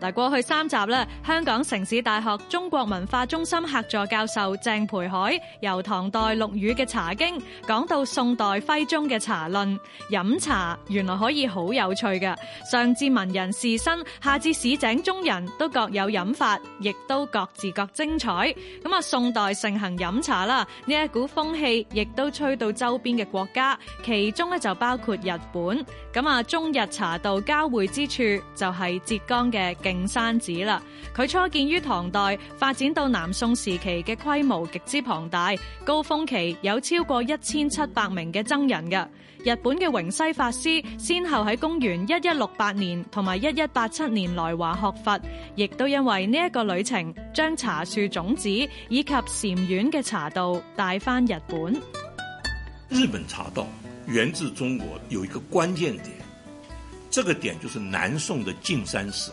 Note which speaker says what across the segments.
Speaker 1: 嗱，過去三集咧，香港城市大學中國文化中心客座教授鄭培海，由唐代陸羽嘅《茶經》講到宋代徽宗嘅《茶論》，飲茶原來可以好有趣嘅。上至文人士紳，下至市井中人都各有飲法，亦都各自各精彩。咁啊，宋代盛行飲茶啦，呢一股風氣亦都吹到周邊嘅國家，其中咧就包括日本。咁啊，中日茶道交匯之處就係浙江嘅徑山寺啦，佢初建於唐代，發展到南宋時期嘅規模極之龐大，高峰期有超過一千七百名嘅僧人嘅。日本嘅榮西法師先後喺公元一一六八年同埋一一八七年來華學佛，亦都因為呢一個旅程，將茶樹種子以及禪院嘅茶道帶翻日本。
Speaker 2: 日本茶道源自中國，有一個關鍵點，這個點就是南宋的徑山寺。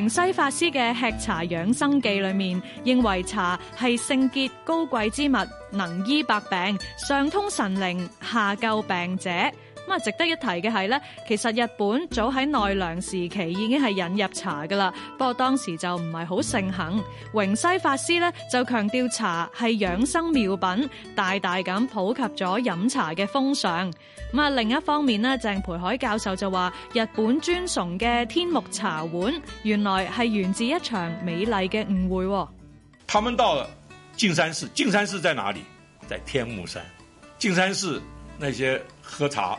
Speaker 1: 榮西法師嘅《吃茶養生記》裏面認為茶係聖潔高貴之物，能醫百病，上通神靈，下救病者。咁啊，值得一提嘅係咧，其實日本早喺奈良時期已經係引入茶噶啦，不過當時就唔係好盛行。榮西法師咧就強調茶係養生妙品，大大咁普及咗飲茶嘅風尚。咁啊，另一方面咧，鄭培海教授就話，日本尊崇嘅天目茶碗，原來係源自一場美麗嘅誤會。
Speaker 2: 他們到了徑山寺，徑山寺在哪裏？在天目山。徑山寺那些喝茶。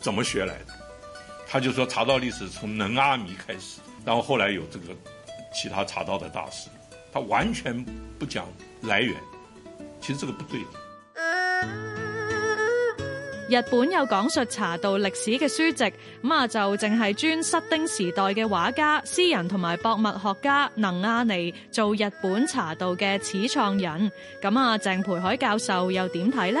Speaker 2: 怎麼學來的？他就說茶道歷史從能阿彌開始，然后後來有這個其他茶道的大師，他完全不講來源，其實這個不對。
Speaker 1: 日本有講述茶道歷史嘅書籍，咁啊就淨係尊室町時代嘅畫家、詩人同埋博物學家能阿彌做日本茶道嘅始創人。咁啊，鄭培海教授又點睇呢？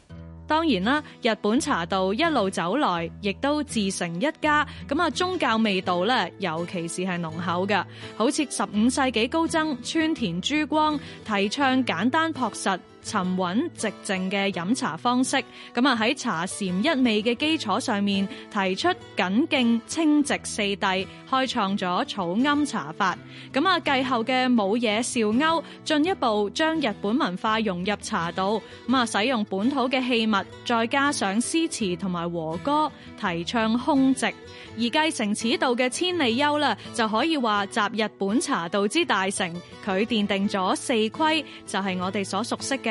Speaker 1: 當然啦，日本茶道一路走來，亦都自成一家。宗教味道尤其是係濃厚嘅，好似十五世紀高僧村田珠光提倡簡單樸實。沉穩寂靜嘅飲茶方式，咁啊喺茶禪一味嘅基礎上面提出謹敬清寂四諦，開創咗草庵茶法。咁啊繼後嘅武野紹鷗進一步將日本文化融入茶道，咁啊使用本土嘅器物，再加上詩詞同埋和歌，提倡空寂。而繼承此道嘅千利休啦，就可以話集日本茶道之大成，佢奠定咗四規，就係我哋所熟悉嘅。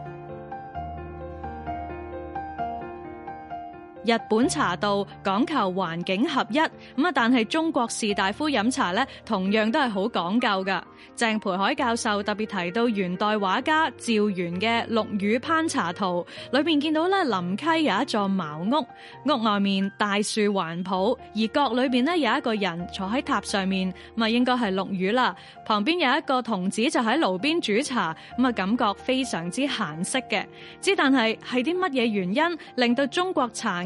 Speaker 1: 日本茶道講求環境合一，咁啊，但係中國士大夫飲茶咧，同樣都係好講究噶。鄭培海教授特別提到元代畫家趙原嘅《陸羽烹茶圖》，裏面見到咧林溪有一座茅屋，屋外面大樹環抱，而閣裏面有一個人坐喺塔上面，咪、就是、應該係陸羽啦。旁邊有一個童子就喺爐邊煮茶，咁啊感覺非常之閒適嘅。之但係係啲乜嘢原因令到中國茶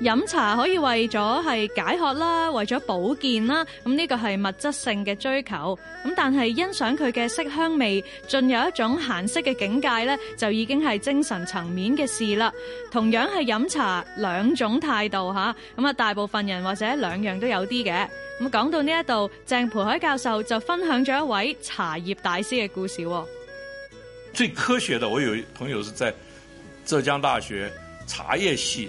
Speaker 1: 飲茶可以為咗係解渴啦，為咗保健啦，咁呢個係物質性嘅追求。咁但係欣賞佢嘅色香味，進入一種閒適嘅境界呢，就已經係精神層面嘅事啦。同樣係飲茶，兩種態度吓，咁啊，大部分人或者兩樣都有啲嘅。咁講到呢一度，鄭培海教授就分享咗一位茶葉大師嘅故事。
Speaker 2: 最科學嘅，我有朋友是在浙江大學茶葉系。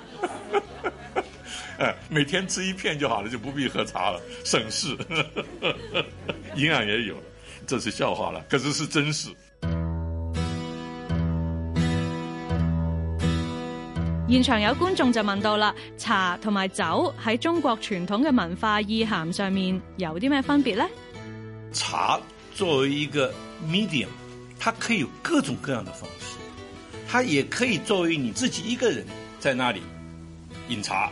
Speaker 2: 每天吃一片就好了，就不必喝茶了，省事，呵呵，營養也有，這是笑話了，可是是真事。
Speaker 1: 現場有觀眾就問到了，茶同埋酒喺中國傳統嘅文化意涵上面有啲咩分別咧？
Speaker 2: 茶作為一個 medium，它可以有各種各樣的方式，它也可以作為你自己一個人在那裏飲茶。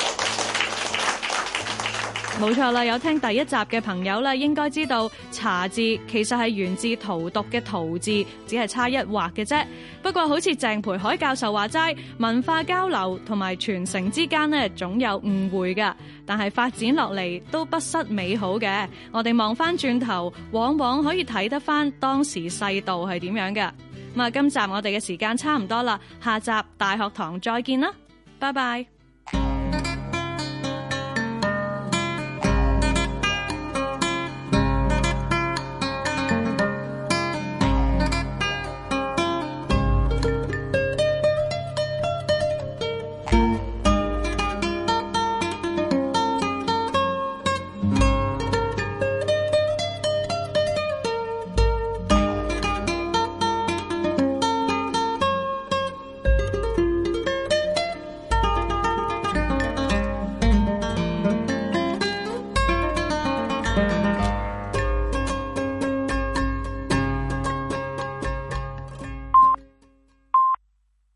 Speaker 1: 冇錯啦，有聽第一集嘅朋友啦，應該知道茶字其實係源自荼毒嘅荼字，只係差一畫嘅啫。不過好似鄭培凱教授話齋，文化交流同埋傳承之間咧，總有誤會噶。但係發展落嚟都不失美好嘅。我哋望翻轉頭，往往可以睇得翻當時世道係點樣噶。咁啊，今集我哋嘅時間差唔多啦，下集大學堂再見啦，拜拜。